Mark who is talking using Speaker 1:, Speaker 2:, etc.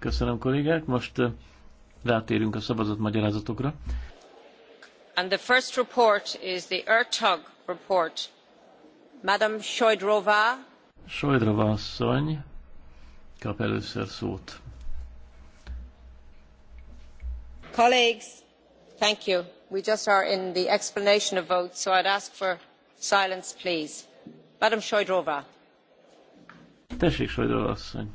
Speaker 1: Köszönöm, kollégák. Most rátérünk a szavazott magyarázatokra.
Speaker 2: And the first report is the Ertug report.
Speaker 3: Madam Sojdrova.
Speaker 4: Sojdrova asszony kap először szót.
Speaker 3: Colleagues, thank you. We just are in the explanation of vote, so I'd ask for silence, please. Madam
Speaker 1: Tessék, Sajdra asszony!